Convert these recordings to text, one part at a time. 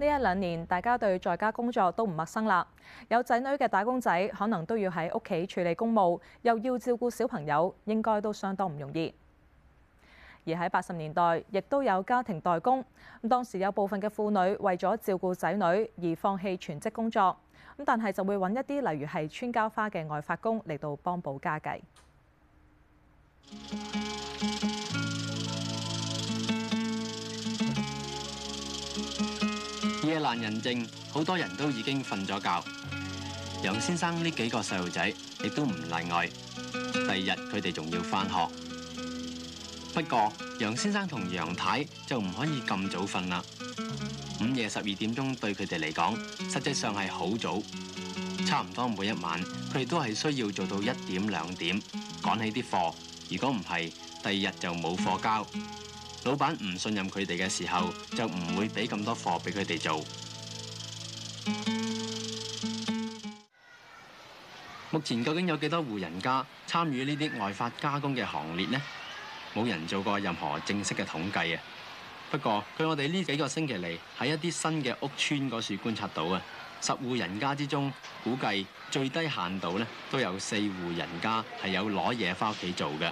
呢一兩年，大家對在家工作都唔陌生啦。有仔女嘅打工仔，可能都要喺屋企處理公務，又要照顧小朋友，應該都相當唔容易。而喺八十年代，亦都有家庭代工。咁當時有部分嘅婦女為咗照顧仔女，而放棄全職工作。咁但係就會揾一啲例如係穿膠花嘅外發工嚟到幫補家計。夜闌人靜，好多人都已經瞓咗覺。楊先生呢幾個細路仔亦都唔例外，第二日佢哋仲要翻學。不過楊先生同楊太就唔可以咁早瞓啦。午夜十二點鐘對佢哋嚟講，實際上係好早。差唔多每一晚，佢哋都係需要做到一點兩點，趕起啲貨。如果唔係，第二日就冇貨交。老闆唔信任佢哋嘅時候，就唔會俾咁多貨俾佢哋做。目前究竟有幾多戶人家參與呢啲外發加工嘅行列呢？冇人做過任何正式嘅統計啊。不過，據我哋呢幾個星期嚟喺一啲新嘅屋村嗰處觀察到啊，十戶人家之中，估計最低限度咧都有四戶人家係有攞嘢翻屋企做嘅。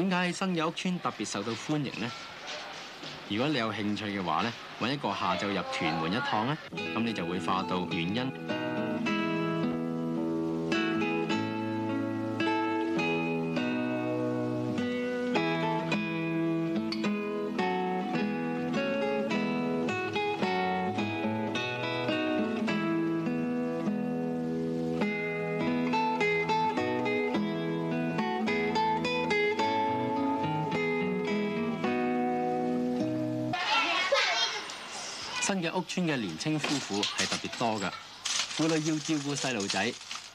點解喺新友屋村特別受到歡迎呢？如果你有興趣嘅話呢，揾一個下晝入屯門一趟呢，咁你就會化到原因。新嘅屋村嘅年青夫婦係特別多嘅，婦女要照顧細路仔，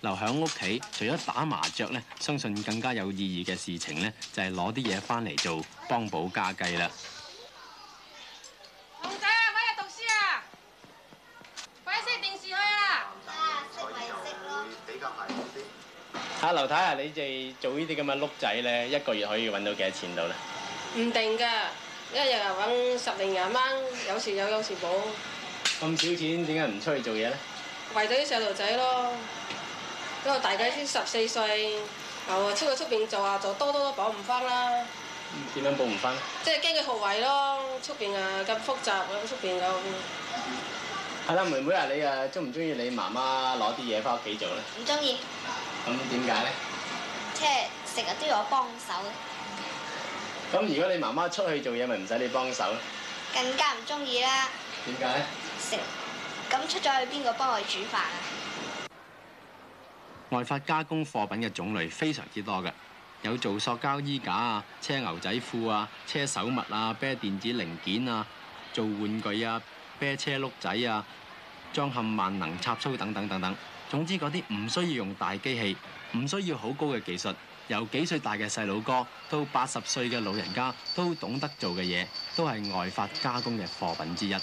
留喺屋企，除咗打麻雀咧，相信更加有意義嘅事情咧，就係攞啲嘢翻嚟做幫補家計啦。龍仔啊，搵日讀書啊，快啲熄電視去啊！啊，識咪識咯。吓，劉太啊，太你哋做呢啲咁嘅碌仔咧，一個月可以搵到幾多錢到咧？唔定噶。一日又搵十零廿蚊，有時有，有時冇。咁少錢，點解唔出去做嘢咧？為咗啲細路仔咯，因為大仔先十四歲，又出去出邊做下做，做多多都補唔翻啦。點樣補唔翻？即係驚佢學壞咯，出邊啊咁複雜，出邊咁。係啦、嗯，妹妹啊，你啊中唔中意你媽媽攞啲嘢翻屋企做咧？唔中意。咁點解咧？即係成日都要我幫手。咁如果你媽媽出去做嘢，咪唔使你幫手咯。更加唔中意啦。點解？食。咁出咗去，邊個幫我煮飯啊？外發加工貨品嘅種類非常之多嘅，有做塑膠衣架啊、車牛仔褲啊、車手襪啊、啤電子零件啊、做玩具啊、啤車轆仔啊、裝嵌萬能插槽等等等等。總之嗰啲唔需要用大機器，唔需要好高嘅技術。由幾歲大嘅細佬哥，到八十歲嘅老人家，都懂得做嘅嘢，都係外發加工嘅貨品之一。